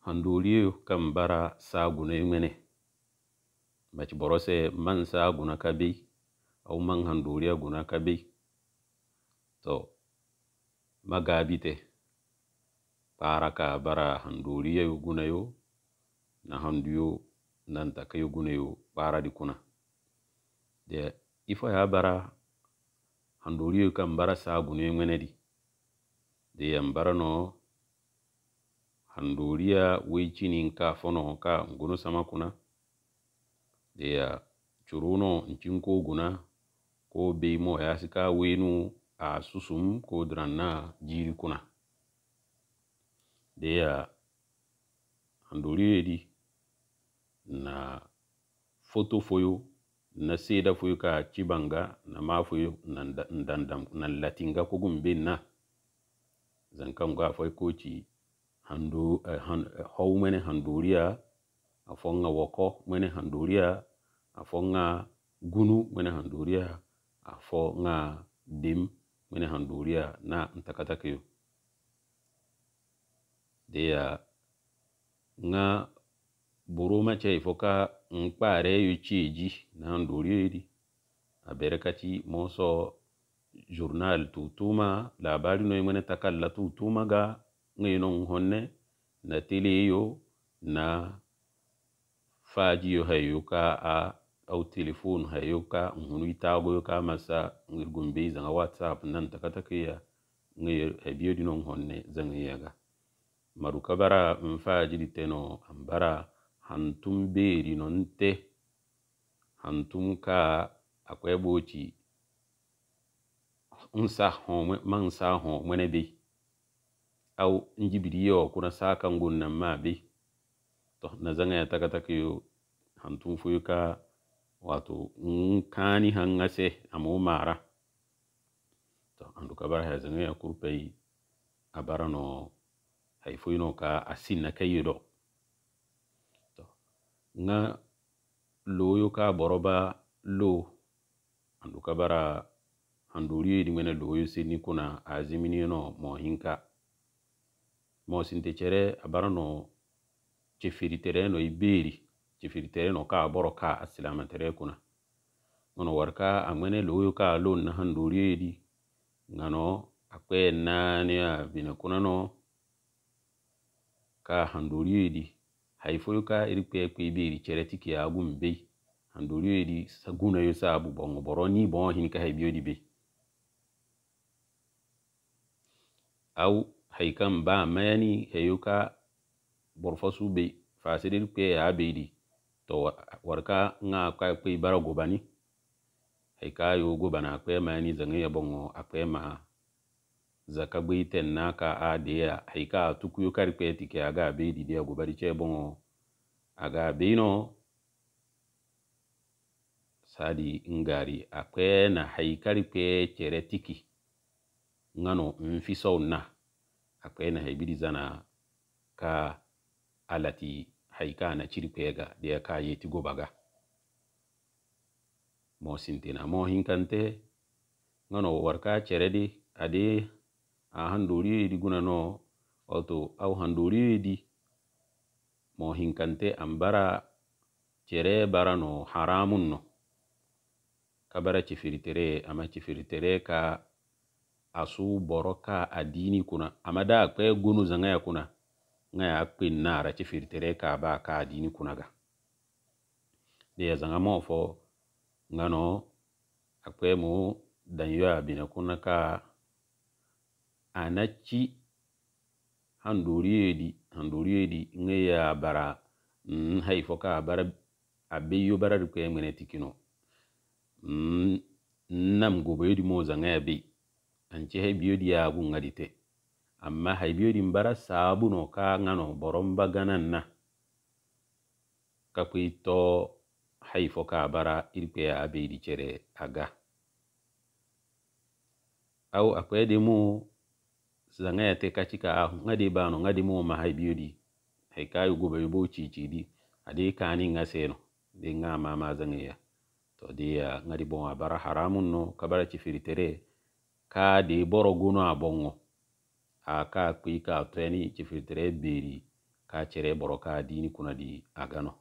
handuri kan bara saguna yi mene mace borose man saguna ka bi a man handuri guna ka bi to magabite para ka bara handuri yi guna yo na handuyo nan ta kai guna yo para di kuna da ifa ya bara handuri kan bara saguna yi mene di da yambara no handoria weicini nka fono ka nguno sama kuna deya churuno nchinko guna ko beimo ya ka wenu a susum ko diranna jiri kuna deya handoriyedi na foto foyo na seda foyo ka chibanga na ma foyo na, na latinga kogum na zankan ga foy ko handu eh, han, eh, hou mene handuria afonga woko mene handuria afonga gunu mene handuria afonga dim mene handuria na ntakatakiyo deya nga buruma ce ifoka nkpare yu ciji na handuria yidi aberekati moso jurnal tutuma labari no mene takalla tutuma ga nginong honne na tiliyo na fajiyo hayuka a au telefone hayuka ngunu itago ka masa ngirgumbe zanga whatsapp nan takatakiya ngir habiyo dinong honne zanga yaga maruka bara mfaji diteno ambara hantum beri nonte hantum ka akwai unsa homwe mansa homwe nebi bi aw jibriyo kuna saka ngunnan mabi to na zanga ya taka taka yo hantun fuyuka wato nkani hangase amu mara to andu kabara ya zanga ya kurpei abara no haifuyino ka asin na kayido to nga loyo ka boroba lo andu kabara handuriyo idimene loyo sini kuna azimini no mohinka mosintecere abarano cefiritere no iberi cefiritere no ka boro ka asilamantere kuna ngono warka angwene loyo ka lon na handoriedi ngano akwe nani a bina kuna no ka handoriedi haifoyo ka irikpe kwe iberi cere tiki agum bei handoriedi saguna yo sabu bongo boroni bon hin ka haibio di bei au haikan ba mayani eyuka burfasu be fasirir kwe ya beidi to warka nga kai kai bara gobani haika yo gobana kwe mayani zange ya bongo akwe ma zaka na naka a deya haika tukuyo kari kwe tike aga beidi deya gobari che bongo aga beino sadi ngari akwe na haikari kwe chere tiki ngano mfiso na akwena haibiri zana ka alati haika na chirikwega dia ka yeti gobaga mo sintina mo hinkante ngono warka cheredi ade a handuri di guna no alto au handuri di mo hinkante ambara cere barano haramunno kabara chifiritere ama chifiritere ka asu boroka ka adini kuna amada akpe gonu zanga ya kuna y'a akpe na arachi firitere ka ba ka adini kuna ga de ya zanga mo fo ngano akpe mu dan yo bina kuna ka anachi handori edi handori edi y'a bara mm haifo ka bara abeyo bara rikwe ngene tikino mm nam gobe edi mo zanga y'a bi anche hay biyodi yaagu ŋadite amma hay biyodin bara saabu no kaa ŋano boromba ganan na kakui to hay fo kaa bara irikpe a beidi cere aga aw akwede mu zaŋayate kaci ka a ŋadi baano ŋadi mu ma hay biyodi hay kaa yuguba yubo ciicidi ade kaani ŋa seeno de ŋa mama zaŋeya to deya ŋadi boŋ a bara haramun no kabara ci firitere ka de boro gono a bongo a ka kpi ka tweni chifiritere beri ka chere boro ka dini kuna di agano